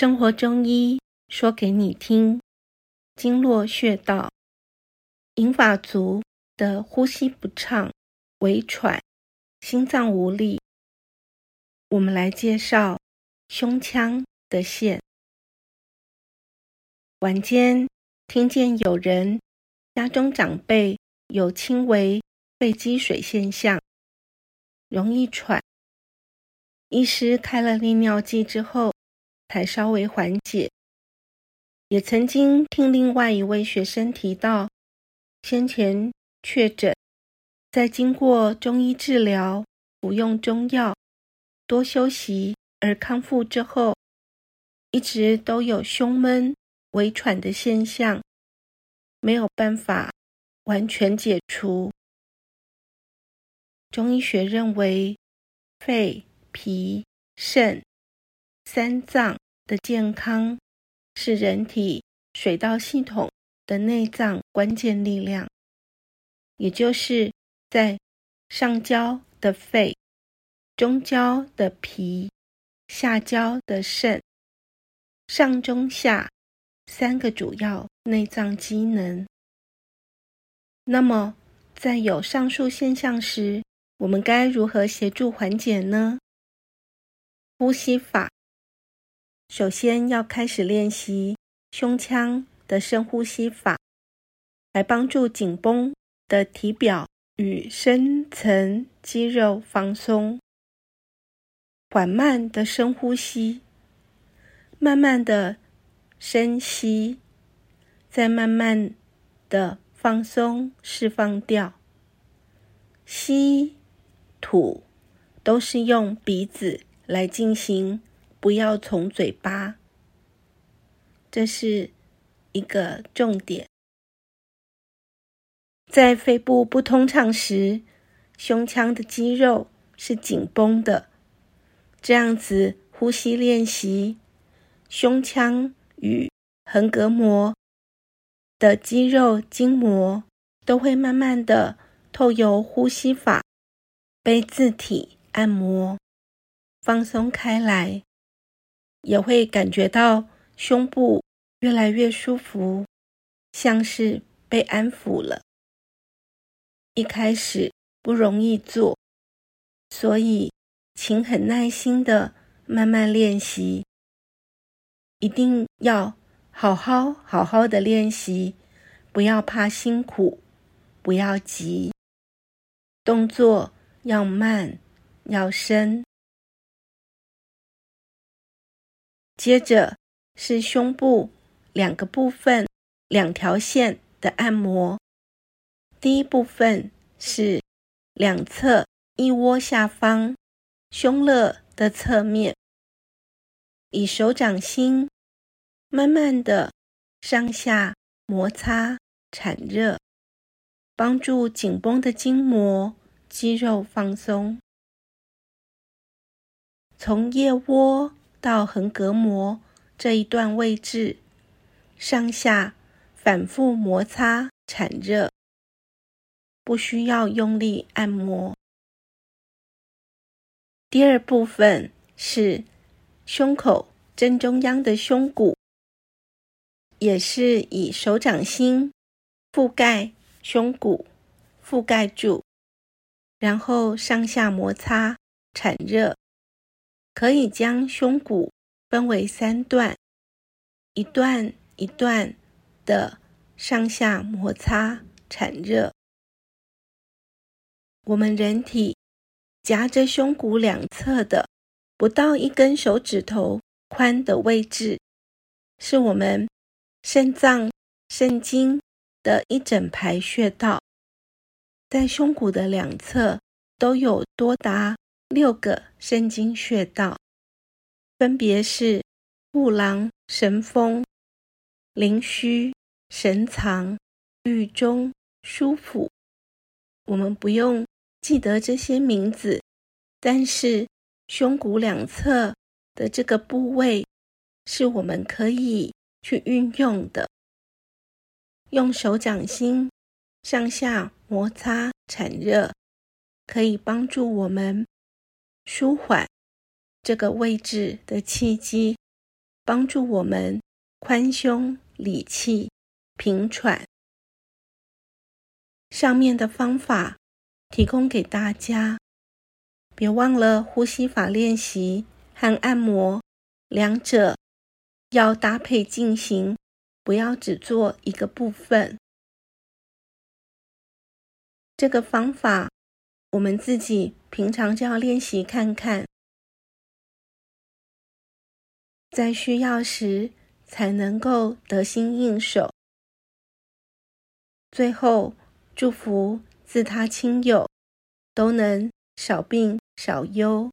生活中醫說給你聽，經絡穴道，銀髮族的呼吸不暢、微喘、心臟無力，我們來介紹胸腔的線。晚間聽見友人家中長輩有輕微肺積水現象，容易喘。醫師開了利尿劑之後，才稍微緩解。也曾經聽另外一位學生提到，先前確診，在經過中醫治療、服用中藥、多休息而康復之後，一直都有胸悶、微喘的現象，沒有辦法完全解除。中醫學認為，肺、脾、腎三臟。的健康，是人體水道系統的內臟關鍵力量，也就是在上焦的肺、中焦的脾、下焦的腎，上中下三個主要內臟機能。那麼，在有上述現象時，我們該如何協助緩解呢？呼吸法。首先，要開始練習胸腔的深呼吸法，來幫助緊繃的體表與深層肌肉放鬆。緩慢的深呼吸，慢慢的深吸，再慢慢的放鬆釋放掉。吸、吐都是用鼻子來進行。不要從嘴巴，這是一個重點。在肺部不通暢時，胸腔的肌肉是緊繃的，這樣子呼吸練習，胸腔與橫膈膜的肌肉筋膜都會慢慢的透由呼吸法被自體按摩放鬆開來。也會感覺到胸部越來越舒服，像是被安撫了。一開始不容易做，所以請很耐心的慢慢練習，一定要好好好好的練習，不要怕辛苦，不要急，動作要慢，要深。接着，是胸部兩個部分兩條線的按摩。第一部分是兩側腋窩下方，胸肋的側面，以手掌心慢慢的上下摩擦產熱，幫助緊繃的筋膜、肌肉放鬆。從腋窩。到橫膈膜這一段位置，上下反覆摩擦產熱，不需要用力按摩。第二部分是胸口正中央的胸骨，也是以手掌心覆蓋胸骨，覆蓋住，然後上下摩擦產熱。可以將胸骨分為三段，一段一段的上下摩擦產熱。我們人體夾着胸骨兩側的不到一根手指頭寬的位置，是我們腎臟腎經的一整排穴道，在胸骨的兩側都有多達。六個腎經穴道分別是：步廊、神封、靈墟、神藏、彧中、俞府。我們不用記得這些名字，但是胸骨兩側的這個部位是我們可以去運用的，用手掌心上下摩擦產熱，可以幫助我們。舒緩這個位置的氣機，幫助我們寬胸理氣、平喘。上面的方法提供給大家，別忘了呼吸法練習和按摩兩者要搭配進行，不要只做一個部分。這個方法。我們自己平常就要練習看看，在需要時才能夠得心應手。最後，祝福自他親友都能少病少憂。